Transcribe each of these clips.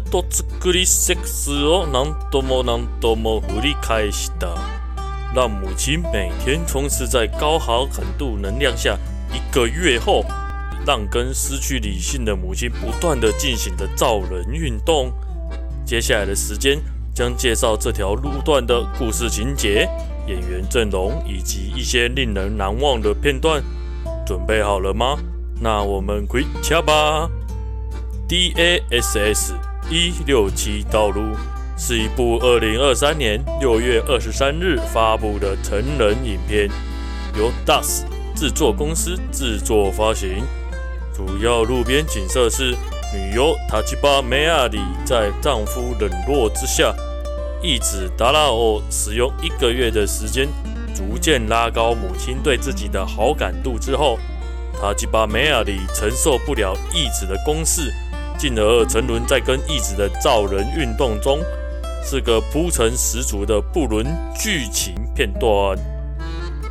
子作りセックスを何度も何度も繰り返した，讓母親每天充斥在高好感度能量下，一個月後，讓跟失去理性的母親不斷的進行的造人運動。接下來的時間將介紹這條路段的故事情節、演員陣容以及一些令人難忘的片段。準備好了嗎？那我們回家吧。D A S S。《一六七道路》是一部二零二三年六月二十三日發布的成人影片，由 DASS 製作公司製作發行。主要路邊景色是女優塔吉巴梅亞里在丈夫冷落之下，義子達拉歐使用一個月的時間，逐漸拉高母親對自己的好感度之後，塔吉巴梅亞里承受不了義子的攻勢。進而沉淪在跟義子的造人運動中，是個鋪陳十足的不倫劇情片段。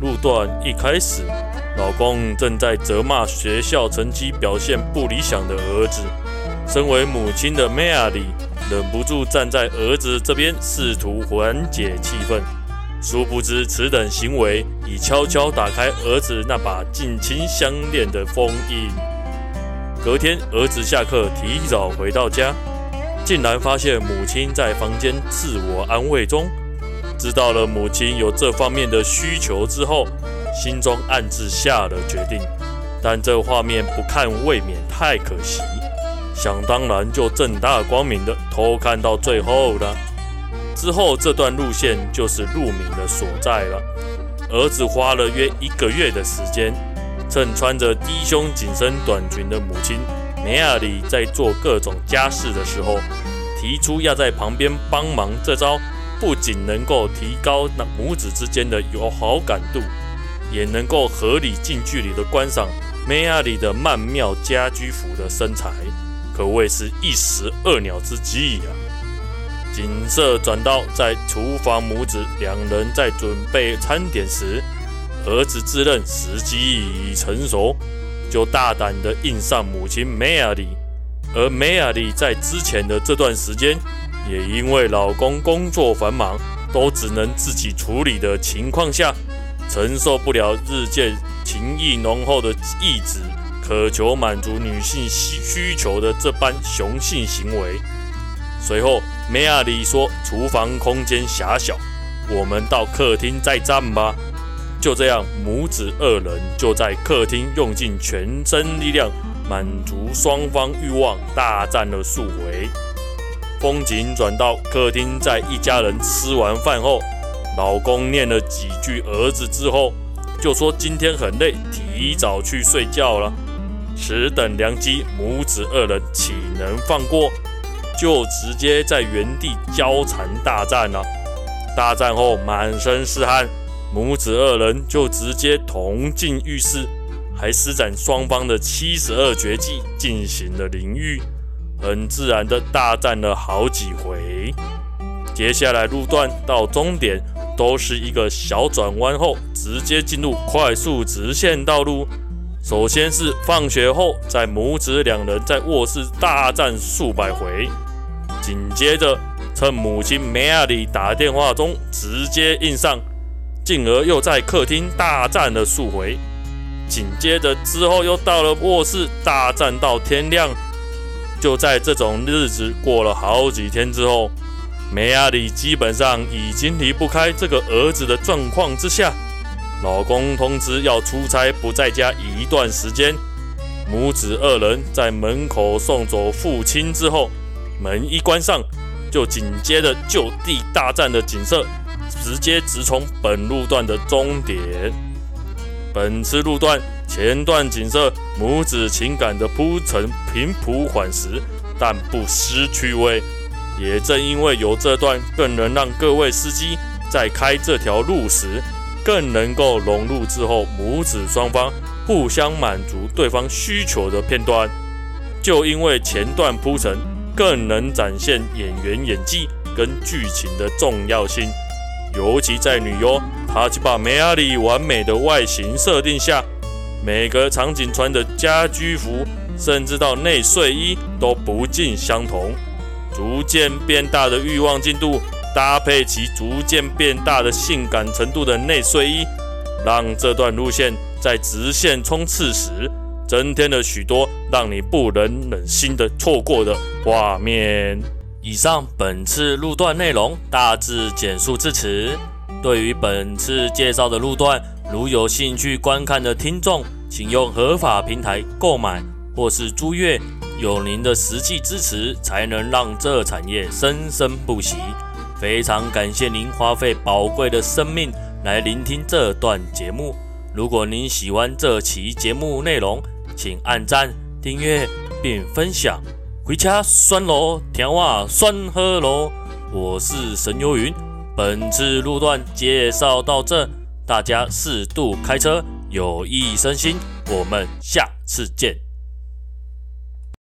路段一開始，老公正在責罵學校成績表現不理想的兒子，身為母親的梅亞里忍不住站在兒子這邊，試圖緩解氣氛。殊不知，此等行為已悄悄打開兒子那把近親相戀的封印。隔天，兒子下課提早回到家，竟然發現母親在房間自我安慰中。知道了母親有這方面的需求之後，心中暗自下了決定。但這畫面不看未免太可惜，想當然就正大光明的偷看到最後了。之後這段路線就是路敏的所在了。兒子花了約一個月的時間。趁穿着低胸緊身短裙的母親梅亞里在做各種家事的時候，提出要在旁邊幫忙。這招不僅能夠提高那母子之間的友好感度，也能夠合理近距離的觀賞梅亞里的曼妙家居服的身材，可謂是一石二鳥之計啊。景色轉到在廚房，母子兩人在準備餐點時。兒子自認時機已成熟，就大膽地應上母親梅亞麗。而梅亞麗在之前的這段時間，也因為老公工作繁忙，都只能自己處理的情況下，承受不了日漸情意濃厚的義子，渴求滿足女性需需求的這般雄性行為。隨後，梅亞麗說：“廚房空間狹小，我們到客廳再戰吧。”就這樣，母子二人就在客廳用盡全身力量滿足雙方慾望，大戰了數回。風景轉到客廳，在一家人吃完飯後，老公念了幾句兒子之後，就說今天很累，提早去睡覺了。此等良機，母子二人豈能放過？就直接在原地交纏大戰了。大戰後滿身是汗。母子二人就直接同進浴室，還施展雙方的七十二絕技進行了淋浴，很自然地大戰了好幾回。接下來路段到終點都是一個小轉彎後直接進入快速直線道路。首先是放學後，在母子兩人在臥室大戰數百回，緊接着趁母親梅亞里打電話中直接硬上。進而又在客廳大戰了數回，緊接着之後又到了臥室大戰到天亮。就在這種日子過了好幾天之後，梅亞里基本上已經離不開這個兒子的狀況之下，老公通知要出差不在家一段時間。母子二人在門口送走父親之後，門一關上，就緊接着就地大戰的景色。直接直衝本路段的終點，本次路段前段景色母子情感的鋪陳平鋪緩時，但不失趣味。也正因為有這段，更能讓各位司機在開這條路時，更能夠融入之後母子雙方互相滿足對方需求的片段。就因為前段鋪陳，更能展現演員演技跟劇情的重要性。尤其在女優，哈吉巴梅阿里完美的外形設定下，每個場景穿的家居服，甚至到內睡衣，都不盡相同。逐漸變大的欲望進度，搭配其逐漸變大的性感程度的內睡衣，讓這段路線在直線衝刺時，增添了許多讓你不忍忍心的錯過的畫面。以上本次路段內容大致簡述至此。對於本次介紹的路段，如有興趣觀看的聽眾，請用合法平台購買或是租閱。有您的實際支持，才能讓這產業生生不息。非常感謝您花費寶貴的生命來聆聽這段節目。如果您喜歡這期節目內容，請按贊、訂閱並分享。回家酸嘍，甜話酸喝嘍，我是神游雲，本次路段介紹到這，大家適度開車，有益身心。我們下次見。